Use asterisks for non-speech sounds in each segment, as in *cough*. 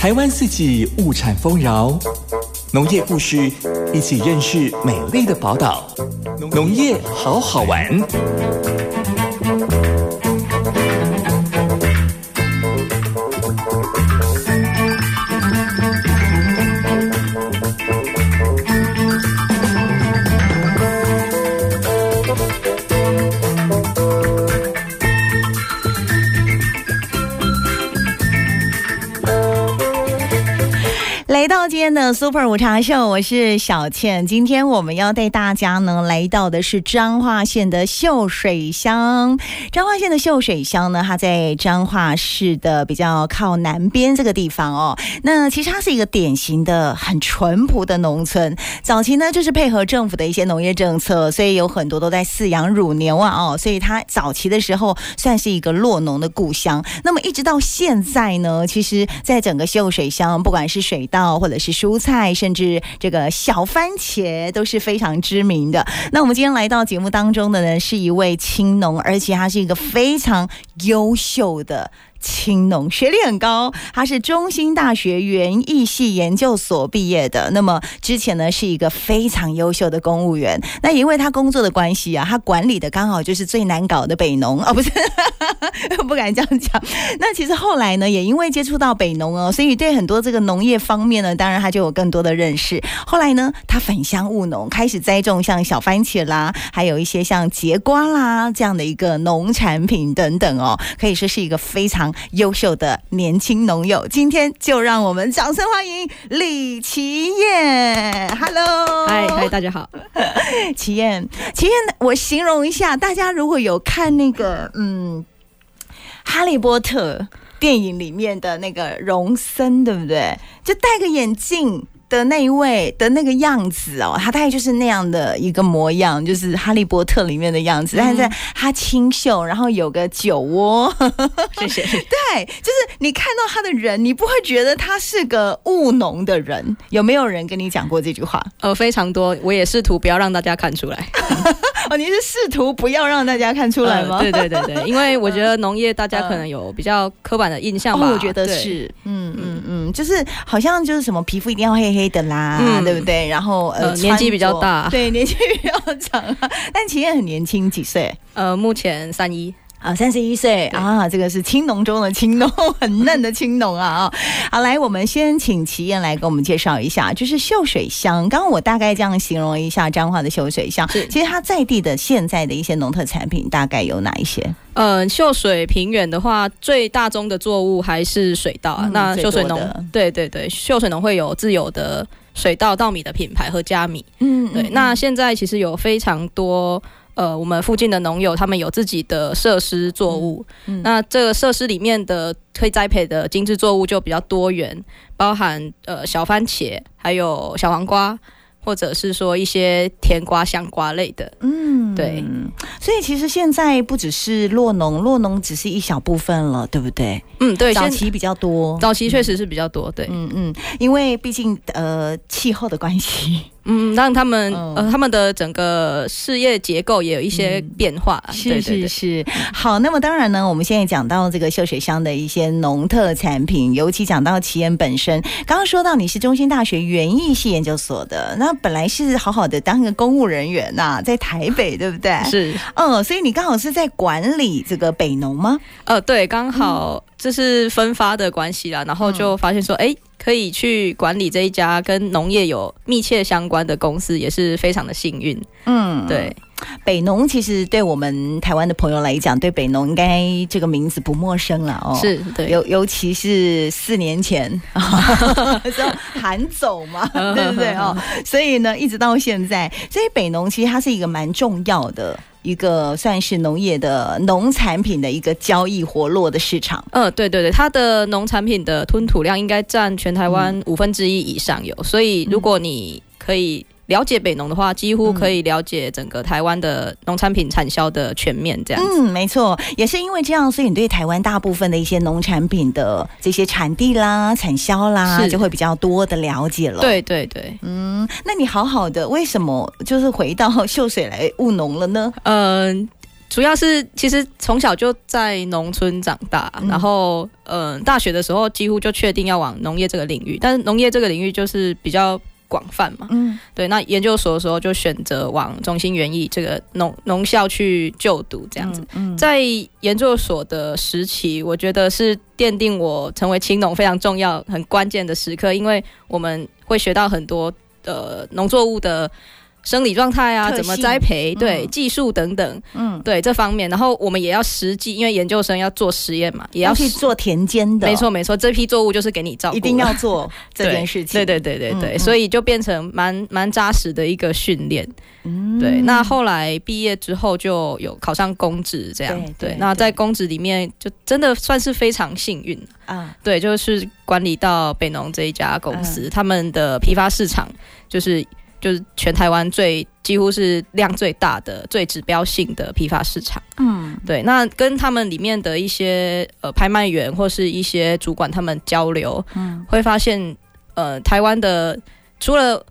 台灣四季物產豐饒，農業故事，一起認識美麗的寶島，農業好好玩。Super 午茶秀，我是小倩。今天我們要帶大家呢來到的是彰化縣的秀水鄉。彰化縣的秀水鄉呢，它在彰化市的比較靠南邊這個地方哦。那其實它是一個典型的很淳樸的農村。早期呢，就是配合政府的一些農業政策，所以有很多都在飼養乳牛啊哦。所以它早期的時候算是一個酪農的故鄉。那麼一直到現在呢，其實在整個秀水鄉，不管是水稻或者是蔬菜，甚至這個小番茄都是非常知名的。那我們今天來到節目當中的呢，是一位青農，而且他是一個非常優秀的。青農學歷很高，他是中興大學園藝系研究所畢業的。那麼之前呢，是一個非常優秀的公務員。那也因為他工作的關係啊，他管理的剛好就是最難搞的北農哦，不是， *laughs* 不敢這樣講。那其實後來呢，也因為接觸到北農哦，所以對很多這個農業方面呢，當然他就有更多的認識。後來呢，他返鄉務農，開始栽種像小番茄啦，還有一些像節瓜啦這樣的一個農產品等等哦，可以說是一個非常。優秀的年輕農友，今天就讓我們掌聲歡迎李其晏。Hello，嗨嗨，hi, hi, 大家好， *laughs* 其晏，其晏，我形容一下，大家如果有看那個嗯，《哈利波特》電影裡面的那個榮森，對不對？就戴個眼鏡。的那一位的那個樣子哦，他大概就是那樣的一個模樣，就是哈利波特裡面的樣子，嗯、但是他清秀，然後有個酒窩。謝 *laughs* 謝。對，就是你看到他的人，你不會覺得他是個務農的人。有沒有人跟你講過這句話？呃，非常多。我也試圖不要讓大家看出來。 *laughs* *laughs* 哦，你是試圖不要讓大家看出來嗎、 *laughs* 呃？對對對對，因為我覺得農業大家可能有比較刻板的印象吧、哦。我覺得是。嗯嗯嗯，就是好像就是什麼皮膚一定要黑黑。黑、嗯、對不對？然後呃，呃，年紀比較大，對，年紀比較長、啊、 *laughs* 但其實很年輕，幾歲？呃，目前三一。啊、oh，三十一歲啊，這個是青農中的青農，很嫩的青農啊、哦！啊， *laughs* 好，來，我們先請其晏來給我們介紹一下，就是秀水鄉。剛剛我大概這樣形容一下彰化的秀水鄉，其實它在地的現在的一些農特產品大概有哪一些？嗯、呃，秀水平原的話，最大宗的作物還是水稻啊。嗯、那秀水農，對對對，秀水農會有自有的水稻、稻米的品牌和佳米。嗯，對。嗯、那現在其實有非常多。呃，我們附近的農友他們有自己的設施作物，嗯嗯、那這個設施裡面的可以栽培的精緻作物就比較多元，包含呃小番茄，還有小黃瓜，或者是說一些甜瓜、香瓜類的。嗯，對。所以其實現在不只是洛農，洛農只是一小部分了，對不對？嗯，對。早期比較多，嗯、早期確實是比較多，嗯、對，嗯嗯，因為畢竟呃氣候的關係。嗯，讓他們、嗯、呃，他們的整個事業結構也有一些變化，嗯、對對對對是是是。好，那麼當然呢，我們現在講到這個秀水鄉的一些農特產品，尤其講到其晏本身。剛剛說到你是中興大學園藝系研究所的，那本來是好好的當一個公務人員吶、啊，在台北，對不對？是，嗯，所以你剛好是在管理這個北農嗎？哦、呃，對，剛好、嗯。這是分發的關係啦，然後就發現說，哎、嗯欸，可以去管理這一家跟農業有密切相關的公司，也是非常的幸運。嗯，對，北農其實對我們台灣的朋友來講，對北農應該這個名字不陌生了哦、喔。是對，尤尤其是四年前，叫 *laughs* 韓 *laughs* 走嘛， *laughs* 對不對哦、喔？ *laughs* 所以呢，一直到現在，所以北農其實它是一個蠻重要的。一個算是農業的農產品的一個交易活絡的市場。嗯，對對對，它的農產品的吞吐量應該佔全台灣五分之一以上有，所以如果你可以。嗯了解北農的話，幾乎可以了解整個台灣的農產品產銷的全面，這樣。嗯，沒錯，也是因為這樣，所以你對台灣大部分的一些農產品的這些產地啦、產銷啦，就會比較多的了解了。對對對。嗯，那你好好的，為什麼就是回到秀水來務農了呢？嗯，主要是其實從小就在農村長大，嗯、然後嗯，大學的時候幾乎就確定要往農業這個領域，但農業這個領域就是比較。廣泛嘛，嗯，對，那研究所的時候就選擇往中興園藝這個農農校去就讀，這樣子，嗯嗯。在研究所的時期，我覺得是奠定我成為青農非常重要、很關鍵的時刻，因為我們會學到很多呃農作物的。生理狀態啊，怎麼栽培？對、嗯，技術等等，嗯，對這方面。然後我們也要實際，因為研究生要做實驗嘛，也要，要去做田間的。哦。沒錯，沒錯，這批作物就是給你照顧。一定要做這件事情。對對對對對，對、嗯嗯，所以就變成蠻蠻扎實的一個訓練。嗯，對。那後來畢業之後就有考上公職，這樣對，對，對，對。那在公職裡面就真的算是非常幸運啊。對，就是管理到北農這一家公司，啊、他們的批發市場就是。就是全台灣最幾乎是量最大的、最指標性的批發市場。嗯，對。那跟他們裡面的一些呃拍賣員或是一些主管他們交流，嗯，會發現呃台灣的除了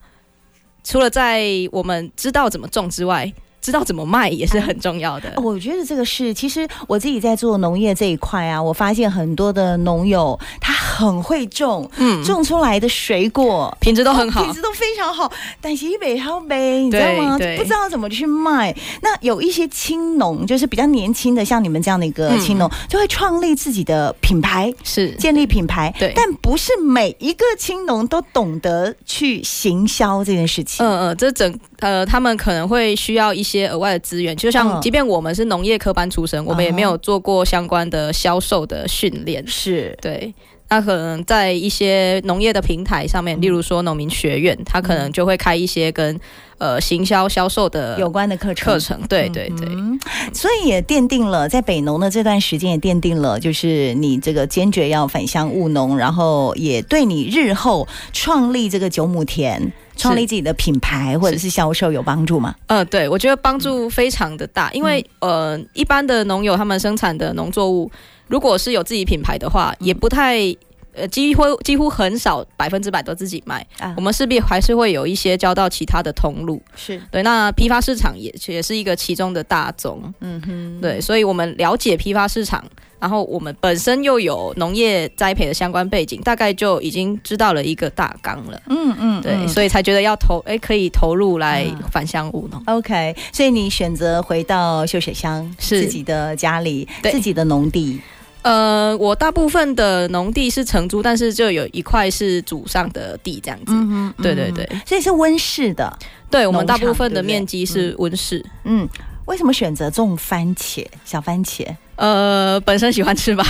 除了在我們知道怎麼種之外，知道怎麼賣也是很重要的，啊啊。我覺得這個是，其實我自己在做農業這一塊啊，我發現很多的農友他很會種，嗯，種出來的水果品質都很好，哦，品質都非常好，但是不好賣，你知道嗎？不知道怎麼去賣。那有一些青農，就是比較年輕的，像你們這樣的一個青農，嗯，就會創立自己的品牌，是建立品牌對。對，但不是每一個青農都懂得去行銷這件事情。嗯、呃、嗯、呃，這整呃，他們可能會需要一些。一些額外的資源，就像即便我們是農業科班出身，嗯，我們也沒有做過相關的銷售的訓練。是、嗯、對，那可能在一些農業的平台上面，嗯、例如說農民學院，他可能就會開一些跟呃行銷銷售的有關的課程。課程，對對對、嗯，所以也奠定了在北農的這段時間，也奠定了就是你這個堅決要返鄉務農，然後也對你日後創立這個久畝田。創立自己的品牌或者是銷售有幫助嗎？嗯、呃，對，我覺得幫助非常的大，嗯、因為呃，一般的農友他們生產的農作物，如果是有自己品牌的話，嗯、也不太。呃，幾乎幾乎很少，百分之百都自己賣。啊，我們勢必還是會有一些交到其他的通路。是對，那批發市場也也是一個其中的大宗。嗯哼，對，所以我們了解批發市場，然後我們本身又有農業栽培的相關背景，大概就已經知道了一個大綱了。嗯，嗯嗯，對，所以才覺得要投，哎、欸，可以投入來返鄉務農。OK，所以你選擇回到秀水鄉，是自己的家裡，對自己的農地。呃，我大部分的農地是承租，但是就有一塊是祖上的地這樣子。嗯嗯，對對對，所以是溫室的。對，我們大部分的面積是溫室嗯。嗯，為什麼選擇種番茄？小番茄？呃，本身喜歡吃吧，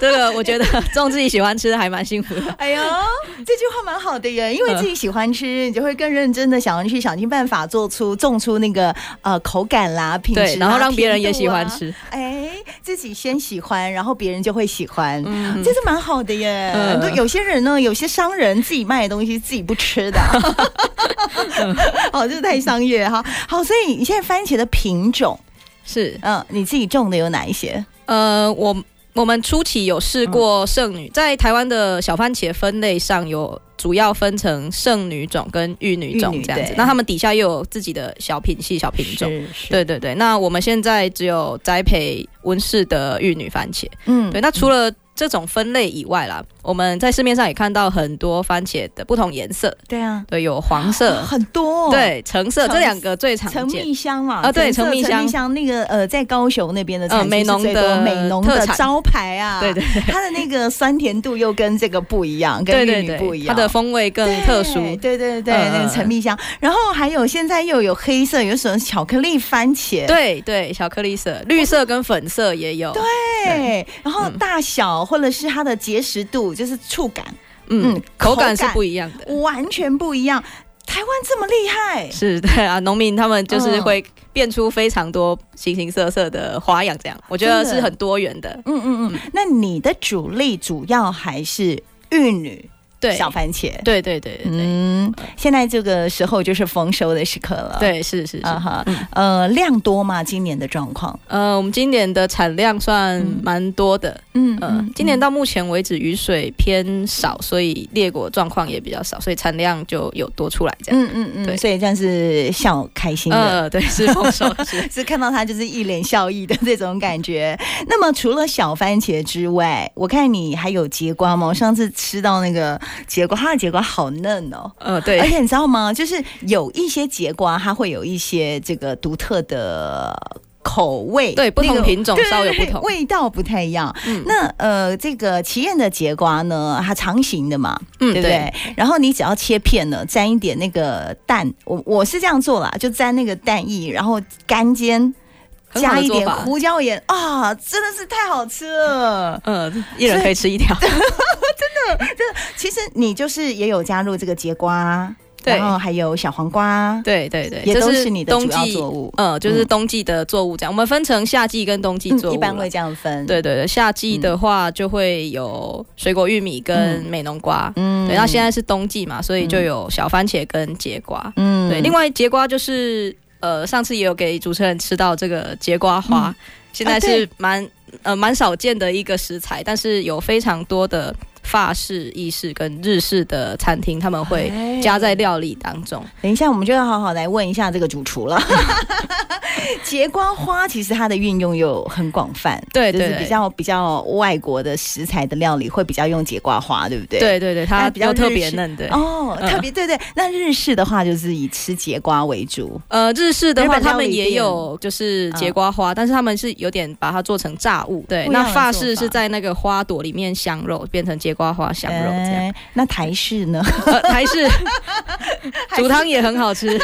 這 *laughs* 個我覺得種自己喜歡吃的 *laughs* 還蠻幸福的。哎呦，這句話蠻好的耶，因為自己喜歡吃，呃、你就會更認真的想要去想盡辦法做出種出那個呃口感啦，品質對，然後讓別人也喜歡吃啊。哎，自己先喜歡，然後別人就會喜歡，嗯、這是蠻好的耶。很、呃、多有些人呢，有些商人自己賣的東西自己不吃的，哦、 *laughs* 嗯，這就是太商業哈。好，所以你現在番茄的品種。是，嗯、哦，你自己種的有哪一些？呃，我我們初期有試過聖女、嗯，在台灣的小番茄分類上有主要分成聖女種跟玉女種這樣子，那他們底下又有自己的小品系、小品種。對對對，那我們現在只有栽培溫室的玉女番茄。嗯，對，那除了、嗯。這種分類以外啦，我們在市面上也看到很多番茄的不同顏色。對啊，對，有黃色，啊、很多、哦，對，橙色，這兩個最常見。橙蜜香嘛，啊陳對，橙蜜香，蜜香那個呃，在高雄那邊的美濃的，美濃的，美的招牌啊，對對，對。它的那個酸甜度又跟這個不一樣， *laughs* 跟玉女不一樣對對對，它的風味更特殊。對對，對對對，橙、呃那個、蜜香。然後還有現在又有黑色，有什麼巧克力番茄。對對，巧克力色，綠色跟粉色也有。對。對，然後大小或者是它的結實度，就是觸感，嗯嗯感，嗯，口感是不一樣的，完全不一樣。台灣這麼厲害，是對啊，農民他們就是會變出非常多形形色色的花樣，這樣、嗯、我覺得是很多元的。真的。嗯嗯嗯，那你的主力主要還是玉女？對小番茄，對對對，對，嗯對，現在這個時候就是豐收的時刻了，對，是是，是。啊、哈、嗯，呃，量多嗎，今年的狀況？呃，我們今年的產量算蠻多的，嗯嗯、呃，今年到目前為止雨水偏少，所以裂果狀況也比較少，所以產量就有多出來，這樣，嗯嗯嗯，所以算是笑開心的，呃、對，是豐收，是， *laughs* 是看到他就是一臉笑意的這種感覺。那麼除了小番茄之外，我看你還有櫛瓜嗎？嗯、我上次吃到那個。節瓜，它的節瓜好嫩哦、呃。對。而且你知道嗎？就是有一些節瓜，它會有一些這個獨特的口味。對，那個、不同品種對對對對稍有不同，味道不太一樣。嗯、那呃，這個其晏的節瓜呢，它長形的嘛，嗯，對不對對對然後你只要切片呢，沾一點那個蛋，我我是這樣做啦，就沾那個蛋液，然後乾煎，加一點胡椒鹽啊、哦，真的是太好吃了。嗯、呃，一人可以吃一條。 *laughs* 其實你就是也有加入這個櫛瓜，對。然後還有小黃瓜，對對對，也都是你的主要作物嗯。嗯，就是冬季的作物這樣。我們分成夏季跟冬季作物，嗯，一般會這樣分。對對對，夏季的話就會有水果玉米跟美濃瓜，嗯，對。那現在是冬季嘛，所以就有小番茄跟櫛瓜，嗯，對。另外，櫛瓜就是呃，上次也有給主持人吃到這個櫛瓜花，嗯，現在是蠻、啊、呃蠻少見的一個食材，但是有非常多的。法式、意式跟日式的餐廳，他們會加在料理當中、哎。等一下，我們就要好好來問一下這個主廚了。哈哈哈哈哈，節瓜花其實它的運用又很廣泛，對對、對，就是、比較比較外國的食材的料理會比較用節瓜花，對不對？對對對，它比較特別嫩。對哦，特別、嗯、對、對對。那日式的話就是以吃節瓜為主，呃，日式的話他們也有就是節瓜花、哦，但是他們是有點把它做成炸物。對，法那法式是在那個花朵裡面鑲肉，變成節。茄瓜花香肉、欸、那台式呢？呃、台式煮湯也很好吃，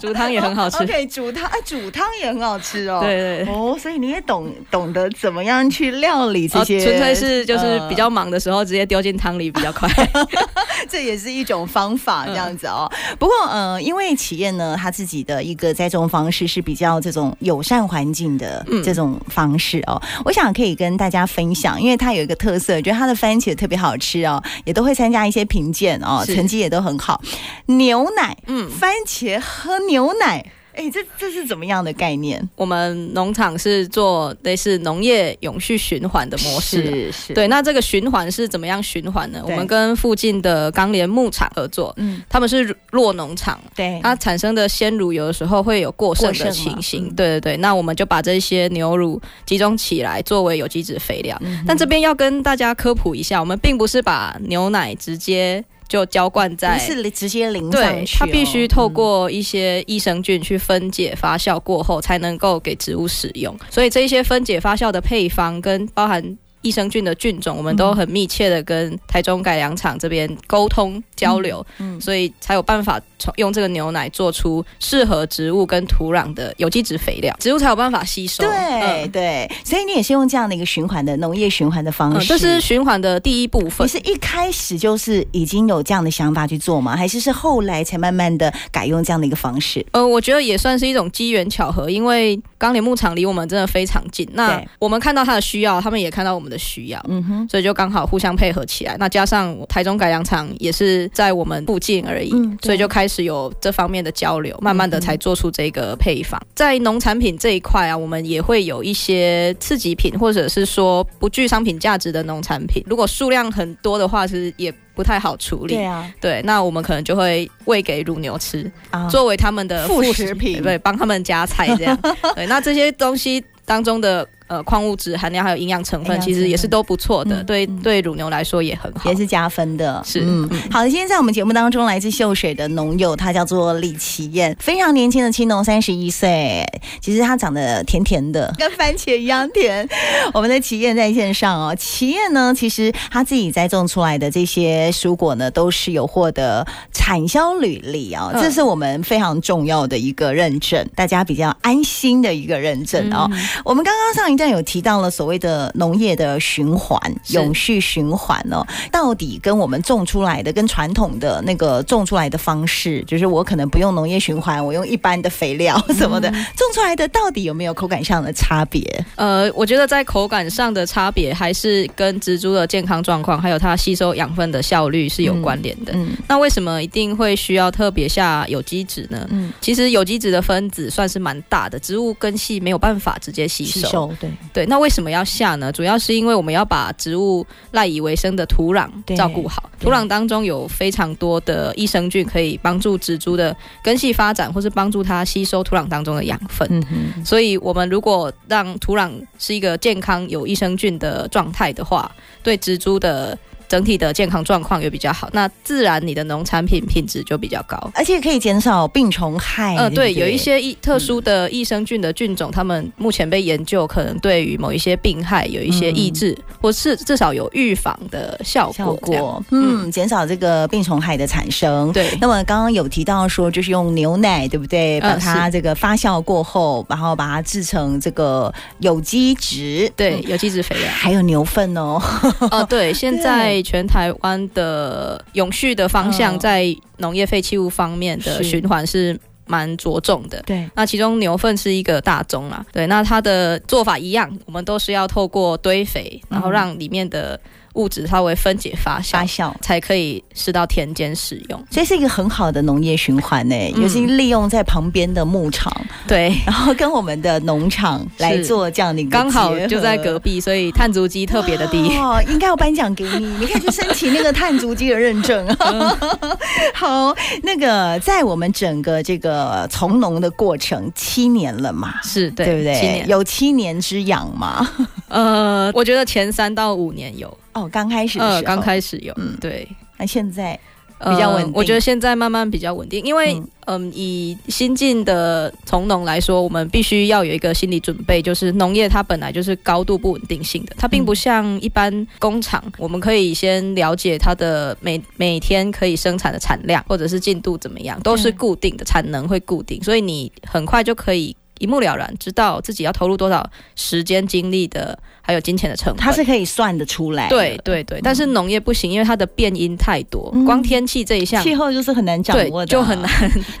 煮湯也很好吃。可、哦、以、okay, 煮湯，哎，煮湯也很好吃哦。對，對，對。哦，所以你也懂懂得怎麼樣去料理這些、哦，純粹是就是比較忙的時候，直接丟進湯裡比較快。啊、 *laughs* 這也是一種方法、嗯，這樣子哦。不過，呃，因為其晏呢，他自己的一個栽種方式是比較這種友善環境的這種方式哦。嗯、我想可以跟大家分享，因為他有一個特色，我覺得他的番茄特別好。好吃哦，也都會參加一些評鑑哦，成績也都很好。牛奶，嗯，番茄喝牛奶。哎，這這是怎麼樣的概念？我們農場是做類似農業永續循環的模式的，對。那這個循環是怎麼樣循環呢？我們跟附近的鋼聯牧場合作，嗯，他們是酪農場，對，它產生的鮮乳有的時候會有過剩的情形，對對對。那我們就把這些牛乳集中起來作為有機質肥料，嗯。但這邊要跟大家科普一下，我們並不是把牛奶直接。就澆灌在，不是直接淋上去，對，它必須透過一些益生菌去分解發酵過後，嗯，才能夠給植物使用。所以這一些分解發酵的配方跟包含益生菌的菌種，我們都很密切的跟台中改良場這邊溝通交流，嗯、所以才有辦法。用這個牛奶做出適合植物跟土壤的有機質肥料，植物才有辦法吸收。對、嗯、對，所以你也是用這樣的一個循環的農業循環的方式，就、嗯、是循環的第一部分。你是一開始就是已經有這樣的想法去做嗎？還是是後來才慢慢的改用這樣的一個方式？呃、嗯，我覺得也算是一種機緣巧合，因為鋼鈴牧場離我們真的非常近，那我們看到它的需要，他們也看到我們的需要，嗯哼，所以就剛好互相配合起來。那加上台中改良場也是在我們附近而已，嗯、所以就開始。是有這方面的交流，慢慢的才做出這個配方。嗯嗯。在農產品這一塊啊，我們也會有一些次級品，或者是說不具商品價值的農產品。如果數量很多的話，其實也不太好處理。對啊，對，那我們可能就會餵給乳牛吃、啊、作為他們的副食品，食品，對，幫他們加菜這樣。 *laughs* 對，那這些東西當中的。呃，礦物質含量還有營養成、成分，其實也是都不錯的。對、嗯、對，嗯、對對乳牛來說也很好，也是加分的。是，嗯，嗯好的。今天在我們節目當中，來自秀水的農友，他叫做李其晏，非常年輕的青農，三十一歲。其實他長得甜甜的，跟番茄一樣甜。我們的其晏在線上哦，其晏呢，其實他自己栽種出來的這些蔬果呢，都是有獲得產銷履歷哦、嗯，這是我們非常重要的一個認證，大家比較安心的一個認證、嗯、哦。我們剛剛上一段但有提到了所謂的農業的循環、永續循環哦，到底跟我們種出來的、跟傳統的那個種出來的方式，就是我可能不用農業循環，我用一般的肥料什麼的、嗯、種出來的，到底有沒有口感上的差別？呃，我覺得在口感上的差別還是跟植株的健康狀況，還有它吸收養分的效率是有關聯的。嗯嗯、那為什麼一定會需要特別下有機質呢？嗯，其實有機質的分子算是蠻大的，植物根系沒有辦法直接吸收。吸收。對，那為什麼要下呢？主要是因為我們要把植物賴以為生的土壤照顧好。土壤當中有非常多的益生菌，可以幫助植株的根系發展，或是幫助它吸收土壤當中的養分。嗯、所以，我們如果讓土壤是一個健康有益生菌的狀態的話，對植株的。整體的健康狀況也比較好，那自然你的農產品品質就比較高，而且可以減少病蟲害。呃，對，對對，有一些一特殊的益生菌的菌種，他、嗯、們目前被研究，可能對於某一些病害有一些抑制，嗯、或是至少有預防的效果效。嗯，減少這個病蟲害的產生。對，那麼剛剛有提到說，就是用牛奶，對不對？呃、把它這個發酵過後、嗯，然後把它制成這個有機質，對，嗯、有機質肥料，還有牛糞哦。哦、呃，對，現在。全台灣的永續的方向，在農業廢棄物方面的循環是蠻着重的。對，那其中牛糞是一個大宗啦。對，那它的做法一樣，我們都是要透過堆肥，然後讓裡面的。物質稍微分解發酵，發酵才可以施到田間使用，所以是一個很好的農業循環呢、欸嗯。有些利用在旁邊的牧場，對、嗯，然後跟我們的農場來做這樣的一個，剛好就在隔壁，所以碳足跡特別的低哦，哦。應該要頒獎給你， *laughs* 你看就申請那個碳足跡的認證。 *laughs* *laughs* *laughs* 好，那個在我們整個這個從農的過程，七年了嘛，是對，對不對七年？有七年之癢嘛？ *laughs* 呃，我覺得前三到五年有。哦，剛開始的時候、嗯、剛開始有，嗯，對，那現在比較穩、嗯，我覺得現在慢慢比較穩定，因為，嗯，嗯以新進的從農來說，我們必須要有一個心理準備，就是農業它本來就是高度不穩定性的，它並不像一般工廠、嗯，我們可以先了解它的每每天可以生產的產量或者是進度怎麼樣，都是固定的產能會固定，所以你很快就可以。一目了然，知道自己要投入多少時間、精力的，還有金錢的成本，它是可以算得出來的。對對對，嗯、但是農業不行，因為它的變因太多，嗯、光天氣這一項，氣候就是很難掌握的、啊，就很難。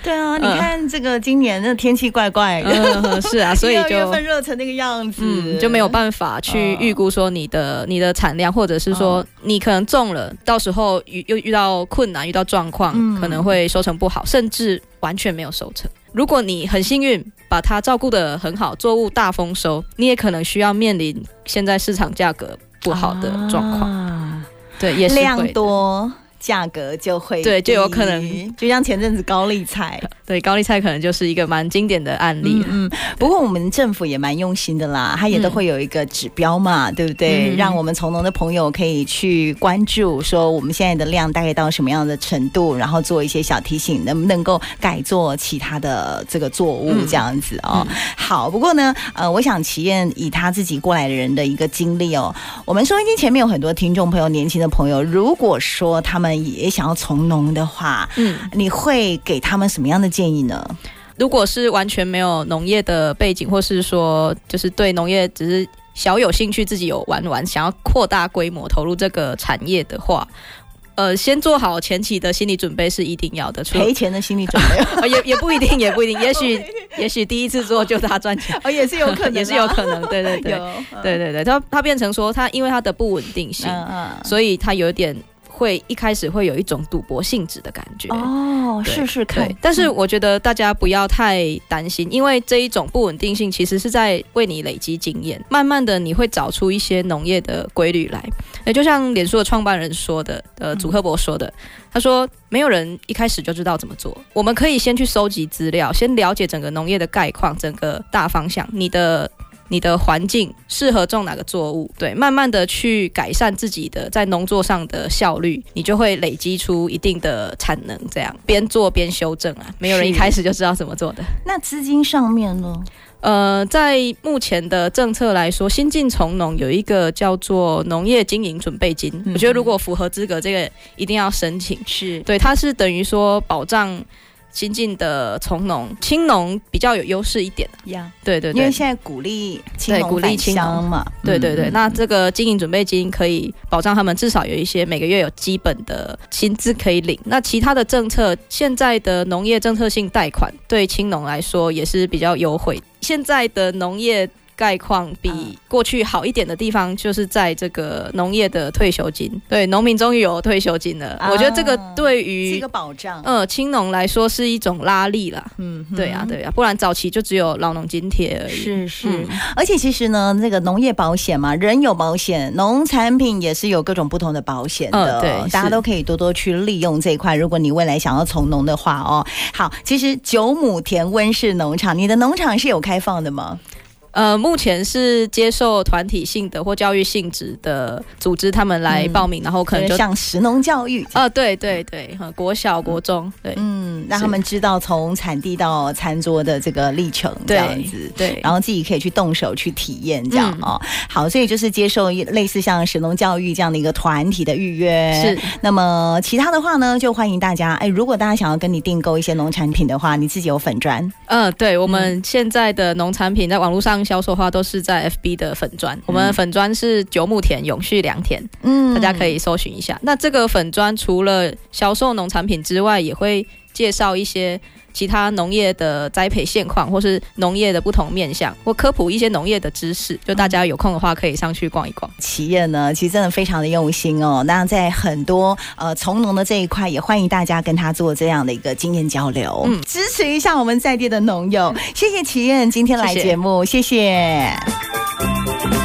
對啊，嗯、你看這個今年的天氣怪怪的、嗯，是啊，所以六月份熱成那個樣子、嗯，就沒有辦法去預估說你的、嗯、你的產量，或者是說你可能種了，到時候遇又遇到困難，遇到狀況、嗯，可能會收成不好，甚至。完全沒有收成。如果你很幸運，把它照顧得很好，作物大豐收，你也可能需要面臨現在市場價格不好的狀況。啊。對，也是量多。價格就會對，就有可能，就像前陣子高麗菜， *laughs* 對，高麗菜可能就是一個蠻經典的案例。嗯，嗯不過我們政府也蠻用心的啦，他也都會有一個指標嘛，嗯、對不對？嗯、讓我們從農的朋友可以去關注，說我們現在的量大概到什麼樣的程度，然後做一些小提醒，能不能夠改做其他的這個作物這樣子、嗯、哦、嗯，好，不過呢，呃，我想其晏以他自己過來的人的一個經歷哦，我們收音機前面有很多聽眾朋友，年輕的朋友，如果說他們。也想要從農的話，嗯，你會給他們什麼樣的建議呢？如果是完全沒有農業的背景，或是說就是對農業只是小有興趣，自己有玩玩，想要擴大規模投入這個產業的話，呃，先做好前期的心理準備是一定要的，賠錢的心理準備啊、 *laughs* 哦，也也不一定，也不一定， *laughs* 也許許 *laughs* 也許第一次做就是他賺錢， *laughs* 哦，也是有可能、啊，也是有可能，對對對，嗯、對對他他變成說他因為他的不穩定性，嗯啊、所以他有點。會一開始會有一種賭博性質的感覺哦，試試看。但是我覺得大家不要太擔心，嗯，因為這一種不穩定性其實是在為你累積經驗，慢慢的你會找出一些農業的規律來。也就像臉書的創辦人說的，呃，祖克伯說的，嗯，他說沒有人一開始就知道怎麼做，我們可以先去收集資料，先了解整個農業的概況，整個大方向。你的你的環境適合種哪個作物？對，慢慢的去改善自己的在農作上的效率，你就會累積出一定的產能。這樣邊做邊修正啊，沒有人一開始就知道怎麼做的。那資金上面呢？呃，在目前的政策來說，新進從農有一個叫做農業經營準備金、嗯，我覺得如果符合資格，這個一定要申請。是對，它是等於說保障。新進的從農青農比較有優勢一點，一樣、yeah. 對，對對，因為現在鼓勵青農返鄉嘛、嗯，對對對。那這個經營準備金可以保障他們至少有一些每個月有基本的薪資可以領。那其他的政策，現在的農業政策性貸款對青農來說也是比較優惠。現在的農業。概況比過去好一點的地方，就是在這個農業的退休金。對，農民終於有退休金了，啊。我覺得這個對於是一個保障。呃、嗯，青農來說是一種拉力啦。嗯，對呀，啊，對呀，啊，不然早期就只有老農津貼而已。是是，嗯，而且其實呢，那，這個農業保險嘛，人有保險，農產品也是有各種不同的保險的。嗯、對，大家都可以多多去利用這一塊。如果你未來想要從農的話哦，好，其實九畝田溫室農場，你的農場是有開放的嗎？呃，目前是接受團體性的或教育性質的組織，他們來報名，嗯、然後可能就像食農教育啊、呃，對對對，國小國中，對，嗯，嗯，對嗯，讓他們知道從產地到餐桌的這個歷程，這樣子對，對，然後自己可以去動手去體驗，這樣、嗯、哦。好，所以就是接受一類似像食農教育這樣的一個團體的預約。是，那麼其他的話呢，就歡迎大家，哎，如果大家想要跟你訂購一些農產品的話，你自己有粉專？呃、嗯，對，我們現在的農產品在網絡上，銷售的話都是在 FB 的粉專。我們粉專是久畝田永續良田，嗯，大家可以搜尋一下。那這個粉專除了銷售農產品之外，也會。介紹一些其他農業的栽培現況，或是農業的不同面向，或科普一些農業的知識。就大家有空的話，可以上去逛一逛。其晏呢，其實真的非常的用心哦。那在很多呃從農的這一塊，也歡迎大家跟他做這樣的一個經驗交流，嗯、支持一下我們在地的農友、嗯。謝謝其晏今天來節目，謝謝。謝謝。